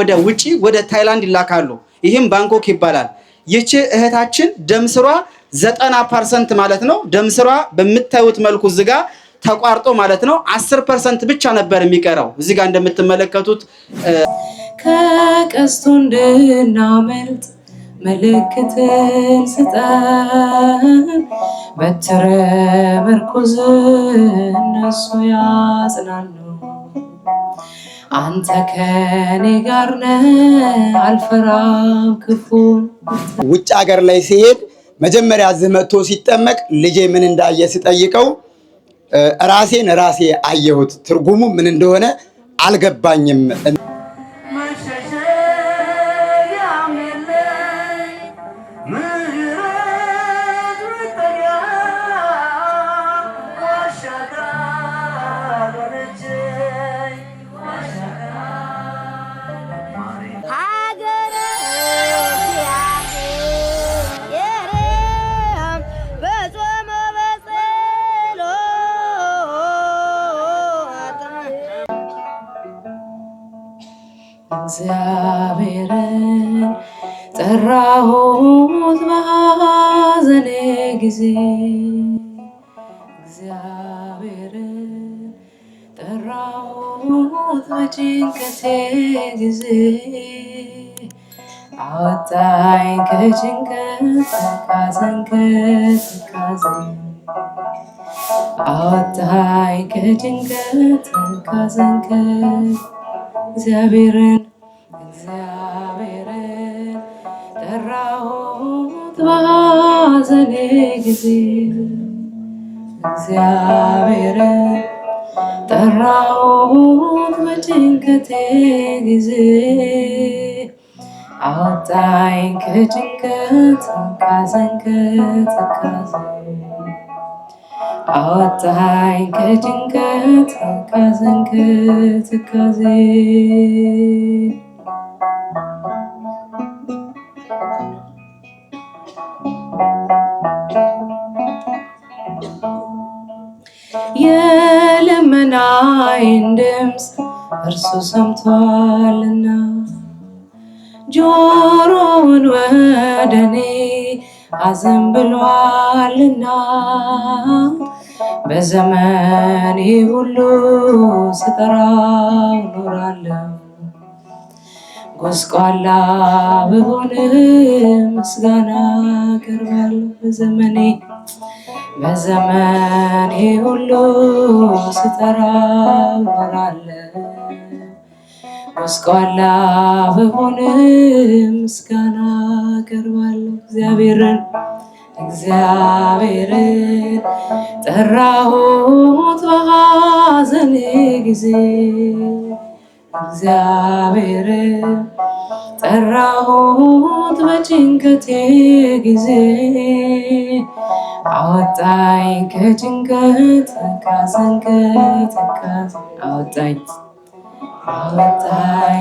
ወደ ውጪ ወደ ታይላንድ ይላካሉ። ይህም ባንኮክ ይባላል። ይቺ እህታችን ደምስሯ ዘጠና ፐርሰንት ማለት ነው። ደምስሯ በምታዩት መልኩ እዚጋ ተቋርጦ ማለት ነው። አስር ፐርሰንት ብቻ ነበር የሚቀረው እዚጋ እንደምትመለከቱት ከቀስቱ እንድናመልጥ ምልክትን ስጠን፣ በትረ ምርኩዝ እነሱ ያጽናሉ። አንተ ከኔ ጋር ነህ፣ አልፈራም ክፉን። ውጭ ሀገር ላይ ሲሄድ መጀመሪያ እዚህ መጥቶ ሲጠመቅ ልጄ ምን እንዳየ ስጠይቀው ራሴን ራሴ አየሁት፣ ትርጉሙ ምን እንደሆነ አልገባኝም። ፈታኝ ከጭንቀት ከሐዘን ከትካዘን አወጣኝ ከጭንቀት ከሐዘን እግዚአብሔርን እግዚአብሔርን ጠራሁት በሐዘኔ ጊዜ እግዚአብሔርን ጠራሁት በጭንቀቴ ጊዜ አወጣኝ ከጭንቀት ከሐዘን ከተካዘን አወጣኝ ከጭንቀት ከሐዘን ከተካዘን የልመናዬን ድምፅ እርሱ ሰምቷልና ጆሮን ወደኔ አዘንብሏልና በዘመኔ ሁሉ ስጠራው ኖራለሁ። ጎስቋላ ብሆን ምስጋና አቀርባለሁ በዘመኔ በዘመኔ ሁሉ ስጠራው ኖራለሁ። አስቀዋላ በሆነ ምስጋና ቀርባለሁ። እግዚአብሔርን እግዚአብሔርን ጠራሁት በሐዘኔ ጊዜ እግዚአብሔርን ጠራሁት በጭንቀቴ ጊዜ አወጣኝ ከጭንቀት ከሐዘን አወጣኝ አወጣኝ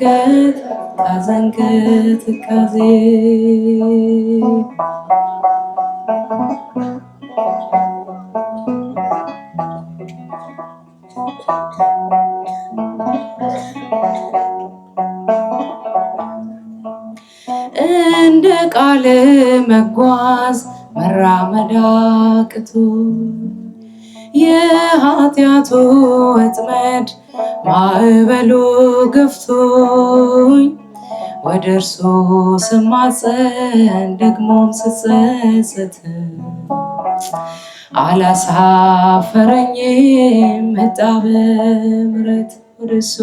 ከጭንቀት ከሐዘን ከትካዜ እንደ ቃል መጓዝ መራመድ አቅቶ የኃጢአቱ ወጥመድ ማዕበሉ ገፍቶኝ ወደ እርሱ ስማፀን ደግሞም ስጸጸት አላሳፈረኝም። መጣ በምሕረት ወደ እሱ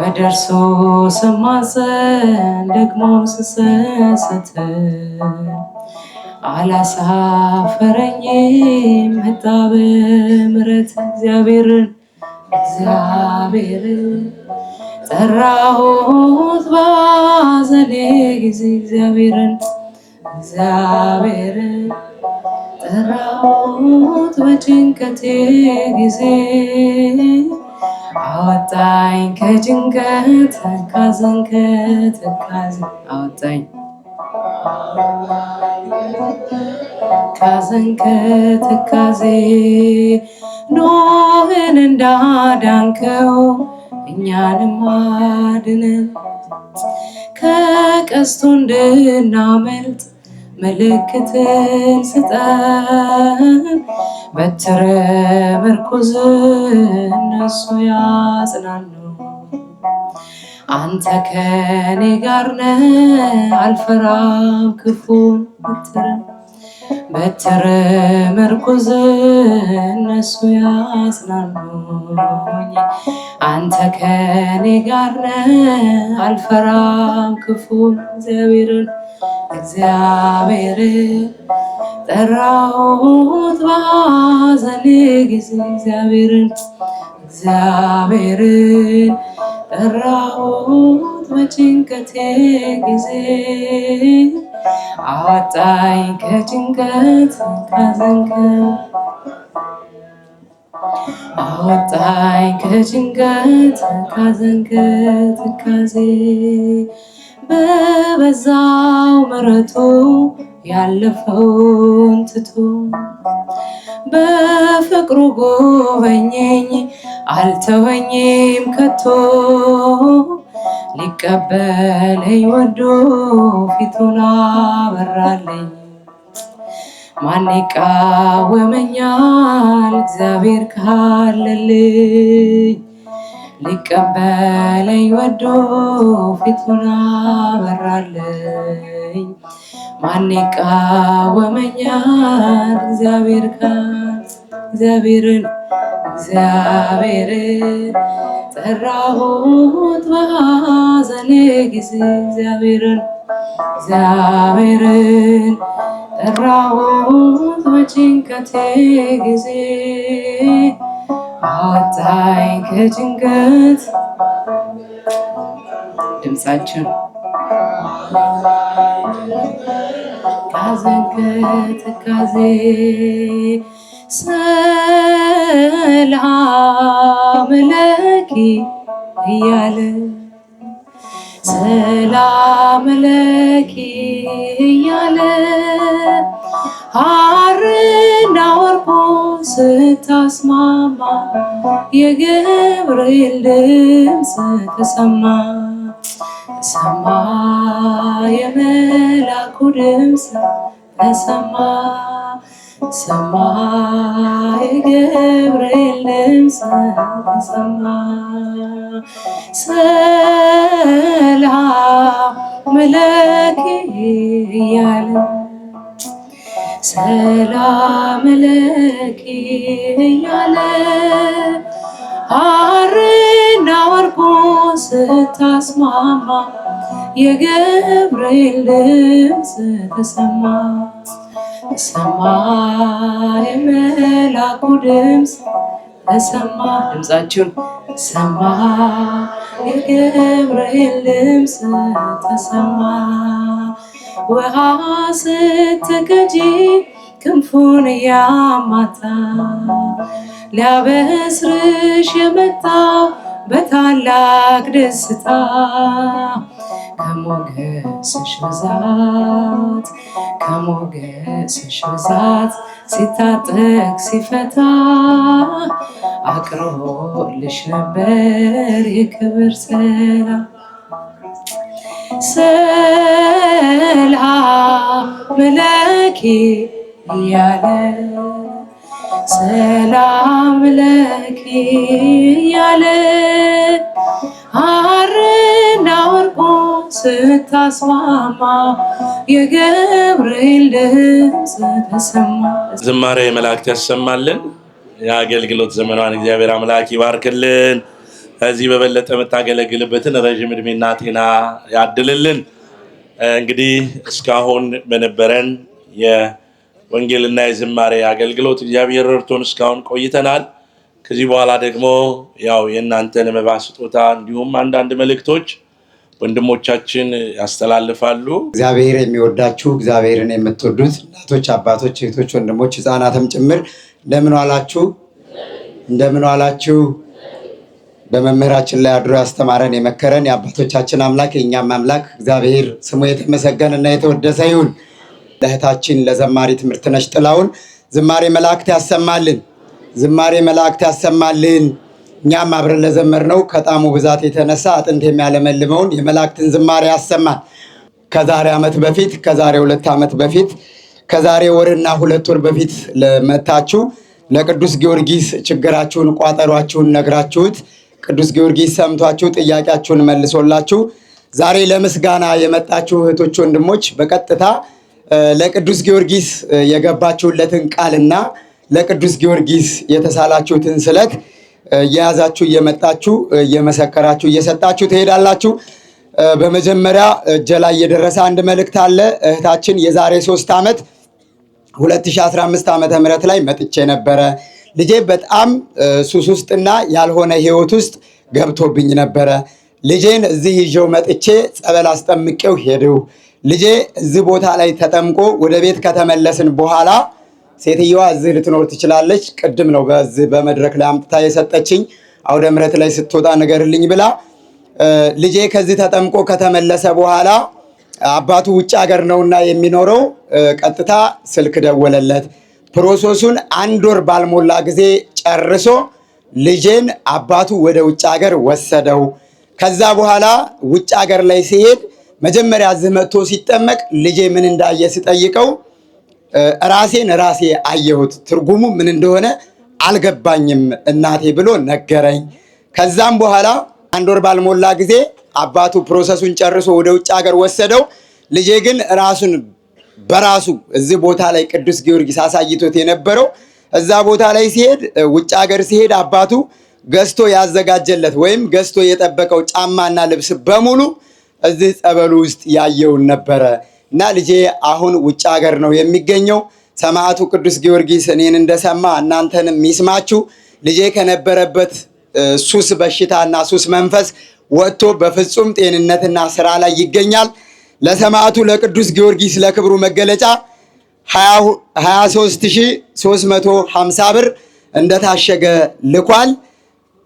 ወደ እርሱ ስማፀን ደግሞም ስጸጸት አላሳፈረኝ መጣ በምረት እግዚአብሔርን እግዚአብሔርን ጠራሁት ባዘኔ ጊዜ እግዚአብሔርን እግዚአብሔርን ጠራሁት በጭንቀቴ ጊዜ አወጣኝ ከጭንቀት ከሐዘን ከትካዜ አወጣኝ ከሐዘን ከትካዜ ኖህን እንዳዳንከው እኛንም አድነን ከቀስቱ እንድናመልጥ ምልክትን ስጠን። በትረ ምርኩዝ እነሱ ያጽናኑ አንተ ከኔ ጋር ነህ፣ አልፈራም ክፉን በትር በትር ምርኩዝ እነሱ ያጽናኑኝ። አንተ ከኔ ጋር ነህ፣ አልፈራም ክፉን እግዚአብሔርን እግዚአብሔር ጠራሁት በሐዘኔ ጊዜ እግዚአብሔርን እግዚአብሔርን እራሁት በጭንቀቴ ጊዜ አወጣኝ ከጭንቀት ከዘንከን አወጣኝ ከጭንቀት ከዘንከን ትካዜ በበዛው ምሕረቱ ያለፈውን ትቶ በፍቅሩ ጎበኘኝ አልተወኝም ከቶ ሊቀበለኝ ወዶ ፊቱን አበራለኝ። ማን ይቃወመኛል? እግዚአብሔር ካለልኝ ሊቀበለኝ ወዶ ፊቱን አበራለኝ። ማን ይቃወመኛል? እግዚአብሔር እግዚአብሔርን እግዚአብሔርን ጠራሁት በሐዘኔ ጊዜ እግዚአብሔርን እግዚአብሔርን ጠራሁት በጭንቀቴ ጊዜ አወጣኝ ከጭንቀት ድምፃችን ሐዘን ከትካዜ ሰላም ለኪ እያለ ሰላም ለኪ እያለ ሐርና ወርቁ ስታስማማ የገብርኤል ድምፅ ተሰማ። ተሰማ የመላኩ ድምፅ ተሰማ ተሰማ የገብርኤል ድምፅ ተሰማ ሰላም ለኪ እያለ ሰላም ለኪ እያለ ሐርና ወርቁን ስታስማማ የገብርኤል ድምፅ ተሰማ ሰማይ የመላኩ ድምፅ ተሰማ ድምፃችሁን ሰማ የገብርኤል ድምፅ ተሰማ ውሃ ስትከጂ ክንፉን እያማታ ሊያበስርሽ የመጣ በታላቅ ደስታ ከሞገስሽ ብዛት ከሞገስሽ ብዛት ሲታጠቅ ሲፈታ አቅርቦልሽ ነበር የክብር ሰላ ሰላም መለኪ እያለ ሰላም ለኪ እያለ ሐርና ስታስማማ የገብርኤል ድምፅ ተሰማ። ዝማሬ መላእክት ያሰማልን። የአገልግሎት ዘመኗን እግዚአብሔር አምላክ ይባርክልን። ከዚህ በበለጠ የምታገለግልበትን ረዥም እድሜና ጤና ያድልልን። እንግዲህ እስካሁን በነበረን ወንጌልና የዝማሬ አገልግሎት እግዚአብሔር እርቶን እስካሁን ቆይተናል። ከዚህ በኋላ ደግሞ ያው የእናንተን መባ ስጦታ፣ እንዲሁም አንዳንድ መልእክቶች ወንድሞቻችን ያስተላልፋሉ። እግዚአብሔር የሚወዳችሁ እግዚአብሔርን የምትወዱት እናቶች፣ አባቶች፣ እህቶች፣ ወንድሞች ህፃናትም ጭምር እንደምን ዋላችሁ? እንደምን ዋላችሁ? በመምህራችን ላይ አድሮ ያስተማረን የመከረን የአባቶቻችን አምላክ የእኛም አምላክ እግዚአብሔር ስሙ የተመሰገነ እና የተወደሰ ይሁን። ለእህታችን ለዘማሪ ትምህርት ነሽ ጥላውን ዝማሬ መላእክት ያሰማልን፣ ዝማሬ መላእክት ያሰማልን። እኛም አብረን ለዘመር ነው ከጣሙ ብዛት የተነሳ አጥንት የሚያለመልመውን የመላእክትን ዝማሬ ያሰማን። ከዛሬ ዓመት በፊት ከዛሬ ሁለት ዓመት በፊት ከዛሬ ወርና ሁለት ወር በፊት ለመታችሁ ለቅዱስ ጊዮርጊስ ችግራችሁን ቋጠሯችሁን ነግራችሁት ቅዱስ ጊዮርጊስ ሰምቷችሁ ጥያቄያችሁን መልሶላችሁ ዛሬ ለምስጋና የመጣችሁ እህቶች ወንድሞች በቀጥታ ለቅዱስ ጊዮርጊስ የገባችሁለትን ቃልና ለቅዱስ ጊዮርጊስ የተሳላችሁትን ስለት እየያዛችሁ እየመጣችሁ እየመሰከራችሁ እየሰጣችሁ ትሄዳላችሁ። በመጀመሪያ እጀ ላይ የደረሰ አንድ መልእክት አለ። እህታችን የዛሬ ሶስት ዓመት 2015 ዓመተ ላይ መጥቼ ነበረ። ልጄ በጣም ሱስ ውስጥና ያልሆነ ህይወት ውስጥ ገብቶብኝ ነበረ። ልጄን እዚህ ይዤው መጥቼ ጸበል አስጠምቄው ሄድው። ልጄ እዚህ ቦታ ላይ ተጠምቆ ወደ ቤት ከተመለስን በኋላ ሴትየዋ እዚህ ልትኖር ትችላለች፣ ቅድም ነው በዚህ በመድረክ ላይ አምጥታ የሰጠችኝ አውደ ምሕረት ላይ ስትወጣ ንገርልኝ ብላ ልጄ ከዚህ ተጠምቆ ከተመለሰ በኋላ አባቱ ውጭ ሀገር ነውና የሚኖረው ቀጥታ ስልክ ደወለለት። ፕሮሰሱን አንድ ወር ባልሞላ ጊዜ ጨርሶ ልጄን አባቱ ወደ ውጭ ሀገር ወሰደው። ከዛ በኋላ ውጭ ሀገር ላይ ሲሄድ መጀመሪያ እዚህ መጥቶ ሲጠመቅ ልጄ ምን እንዳየ ስጠይቀው ራሴን ራሴ አየሁት፣ ትርጉሙ ምን እንደሆነ አልገባኝም እናቴ ብሎ ነገረኝ። ከዛም በኋላ አንድ ወር ባልሞላ ጊዜ አባቱ ፕሮሰሱን ጨርሶ ወደ ውጭ ሀገር ወሰደው። ልጄ ግን ራሱን በራሱ እዚህ ቦታ ላይ ቅዱስ ጊዮርጊስ አሳይቶት የነበረው እዛ ቦታ ላይ ሲሄድ ውጭ ሀገር ሲሄድ አባቱ ገዝቶ ያዘጋጀለት ወይም ገዝቶ የጠበቀው ጫማና ልብስ በሙሉ እዚህ ጸበሉ ውስጥ ያየውን ነበረ እና ልጄ አሁን ውጭ ሀገር ነው የሚገኘው። ሰማዕቱ ቅዱስ ጊዮርጊስ እኔን እንደሰማ እናንተንም ይስማችሁ። ልጄ ከነበረበት ሱስ በሽታ እና ሱስ መንፈስ ወጥቶ በፍጹም ጤንነትና ስራ ላይ ይገኛል። ለሰማዕቱ ለቅዱስ ጊዮርጊስ ለክብሩ መገለጫ 23350 ብር እንደታሸገ ልኳል።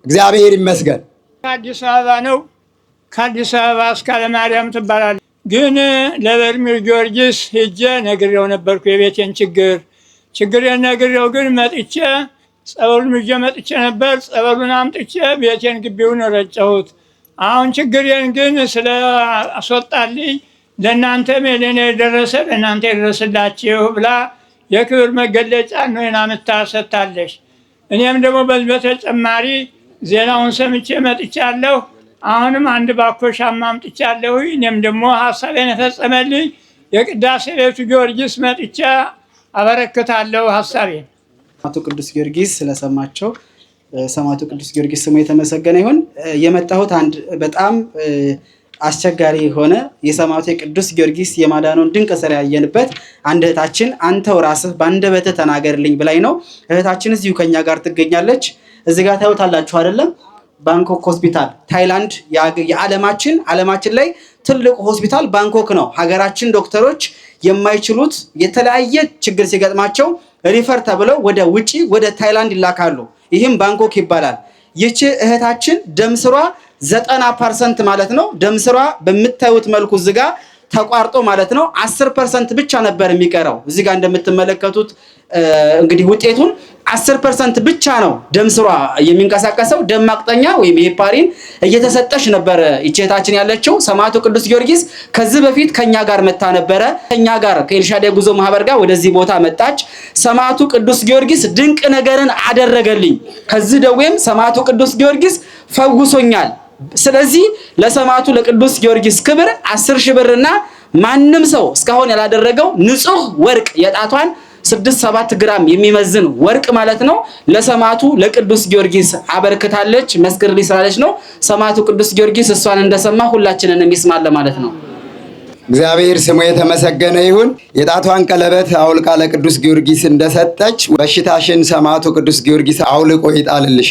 እግዚአብሔር ይመስገን። ከአዲስ አበባ ነው። ከአዲስ አበባ እስከ አለማርያም ትባላል። ግን ለበርሜል ጊዮርጊስ ሄጄ ነግሬው ነበርኩ የቤቴን ችግር ችግሬን ነግሬው ግን መጥቼ ጸበሉን ይዤ መጥቼ ነበር። ጸበሉን አምጥቼ ቤቴን ግቢውን ረጨሁት። አሁን ችግሬን ግን ስለ አስወጣልኝ ለእናንተም የኔ የደረሰ ለእናንተ የደረስላችሁ ብላ የክብር መገለጫ ነው አምጥታ ሰጥታለች። እኔም ደግሞ በተጨማሪ ዜናውን ሰምቼ መጥቻለሁ። አሁንም አንድ ባኮሻማ ሻማ አምጥቻለሁ። እኔም ደግሞ ሀሳቤን የፈጸመልኝ የቅዳሴ ቤቱ ጊዮርጊስ መጥቻ አበረክታለሁ ሀሳቤን። ሰማዕቱ ቅዱስ ጊዮርጊስ ስለሰማቸው ሰማዕቱ ቅዱስ ጊዮርጊስ ስሙ የተመሰገነ ይሁን። የመጣሁት አንድ በጣም አስቸጋሪ የሆነ የሰማዕቱ ቅዱስ ጊዮርጊስ የማዳኑን ድንቅ ስራ ያየንበት አንድ እህታችን አንተው ራስህ በአንደበትህ ተናገርልኝ ብላኝ ነው። እህታችን እዚሁ ከኛ ጋር ትገኛለች። እዚህ ጋር ታዩታላችሁ አይደለም? ባንኮክ ሆስፒታል ታይላንድ፣ የዓለማችን ዓለማችን ላይ ትልቁ ሆስፒታል ባንኮክ ነው። ሀገራችን ዶክተሮች የማይችሉት የተለያየ ችግር ሲገጥማቸው ሪፈር ተብለው ወደ ውጪ ወደ ታይላንድ ይላካሉ። ይህም ባንኮክ ይባላል። ይቺ እህታችን ደም ስሯ ዘጠና ፐርሰንት ማለት ነው። ደምስሯ ስሯ በምታዩት መልኩ እዚህ ጋር ተቋርጦ ማለት ነው አስር ፐርሰንት ብቻ ነበር የሚቀረው። እዚህ ጋር እንደምትመለከቱት እንግዲህ ውጤቱን አስር ፐርሰንት ብቻ ነው ደም ስሯ የሚንቀሳቀሰው። ደም ማቅጠኛ ወይም ሄፓሪን እየተሰጠች ነበረ ይቼታችን ያለችው ሰማዕቱ ቅዱስ ጊዮርጊስ። ከዚህ በፊት ከኛ ጋር መታ ነበረ። ከኛ ጋር ከኤልሻዳይ ጉዞ ማህበር ጋር ወደዚህ ቦታ መጣች። ሰማዕቱ ቅዱስ ጊዮርጊስ ድንቅ ነገርን አደረገልኝ፣ ከዚህ ደዌም ሰማዕቱ ቅዱስ ጊዮርጊስ ፈውሶኛል ስለዚህ ለሰማዕቱ ለቅዱስ ጊዮርጊስ ክብር አስር ሺህ ብርና ማንም ሰው እስካሁን ያላደረገው ንጹህ ወርቅ የጣቷን ስድስት ሰባት ግራም የሚመዝን ወርቅ ማለት ነው። ለሰማዕቱ ለቅዱስ ጊዮርጊስ አበርክታለች፣ መስክር ስላለች ነው። ሰማዕቱ ቅዱስ ጊዮርጊስ እሷን እንደሰማ ሁላችንን የሚስማል ማለት ነው። እግዚአብሔር ስሙ የተመሰገነ ይሁን። የጣቷን ቀለበት አውልቃ ለቅዱስ ጊዮርጊስ እንደሰጠች በሽታሽን ሰማዕቱ ቅዱስ ጊዮርጊስ አውልቆ ይጣልልሽ።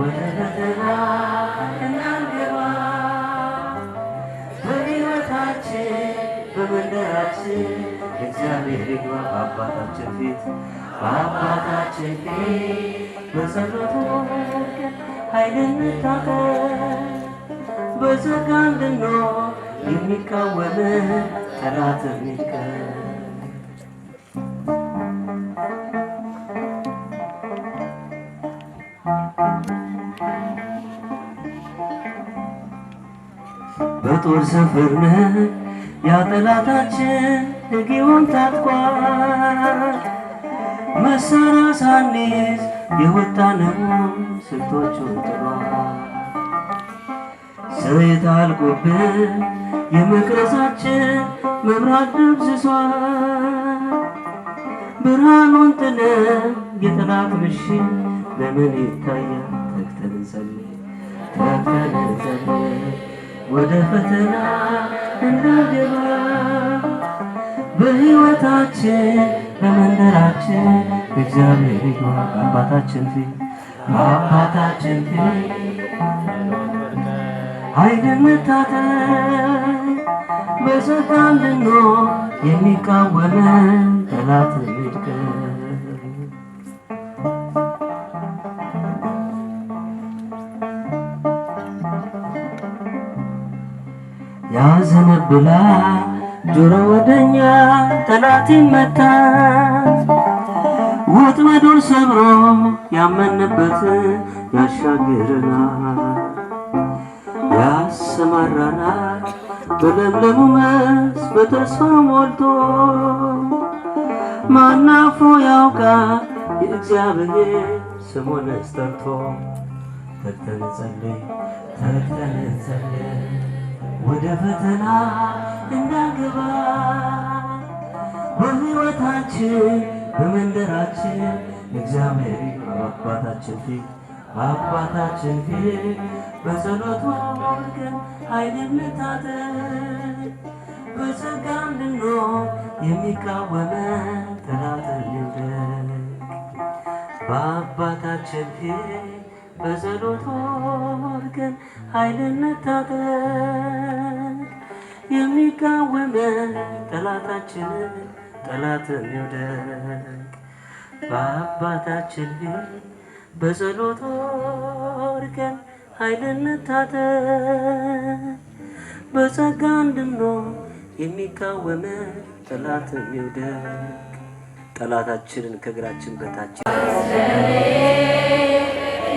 ወደ ከተማ እናንገባ በሕይወታችን በመንደራችን በአባታችን ፊት በአባታችን ፊት በጸሎቱ ኃይልን ታከል የሚቃወም ጠላት ሚቀር ጥቁር ሰፈር ነህ ያ ጠላታችን እግሩን ታጥቋል። መሳሪያ ሳንይዝ የወጣነው ስልቶቹን ጥሏል። ዘይት አልቆብን የመቅረሳችን መብራት ደብዝሷል። ብርሃኑን ጥለን የጠላት ምሽግ በምን ይታያል? ተግተን እንጸልይ ተግተን እንጸልይ ወደ ፈተና እንዳገባ በሕይወታችን በመንደራችን እግዚአብሔር ይግባ አባታችን ፊት አባታችን ፊት አይደን መታተን በሰጣን ልኖ የሚቃወመን ጠላት ያዘነብላ ጆሮ ወደኛ ጠላቴን መታ ወጥመዱን ሰብሮ ያመንበት ያሻግረና ያሰማራና በለምለሙ መስ በተስፋ ሞልቶ ማናፎ ያውቃ የእግዚአብሔር ስሙን ስጠርቶ ተግተን ጸልይ ወደ ፈተና እንዳገባ በሕይወታችን በመንደራችን እግዚአብሔር በአባታችን ፊት በአባታችን ፊት በጸሎት ወድቀን ኃይልን እንታጠቅ በጸጋ እንድንኖር የሚቃወመን ጠላት ይውደቅ በአባታችን ፊት በጸሎት ግን ኃይልን ታጠቅ የሚቃወመን ጠላታችንን ጠላትን ይውደቅ በአባታችን በጸሎት ወርቀን ኃይልን ታጠቅ በጸጋ እንድንኖር የሚቃወመን ጠላትን ይውደቅ ጠላታችንን ከእግራችን በታችን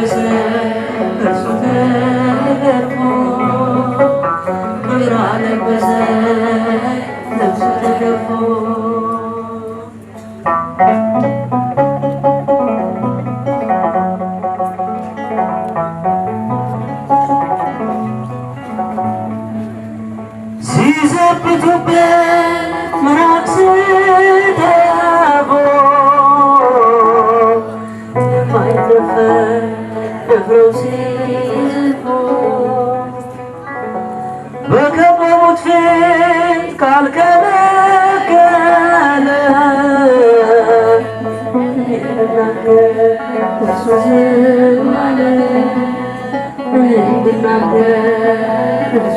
Size bir tübe merak sen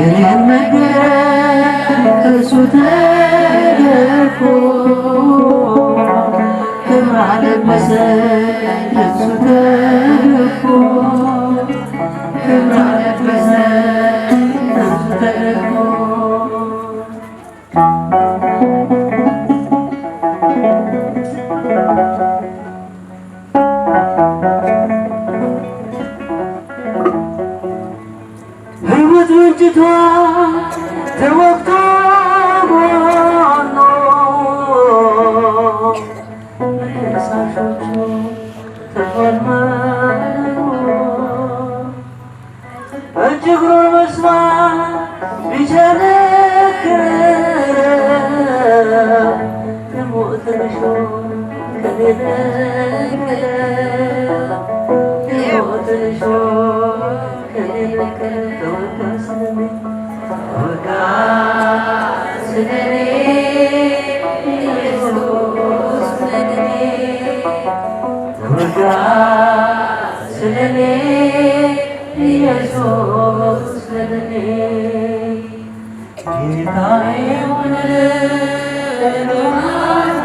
ያልነገረ እሱ ተደርፎ ክብር አለበሰ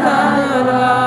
Amen.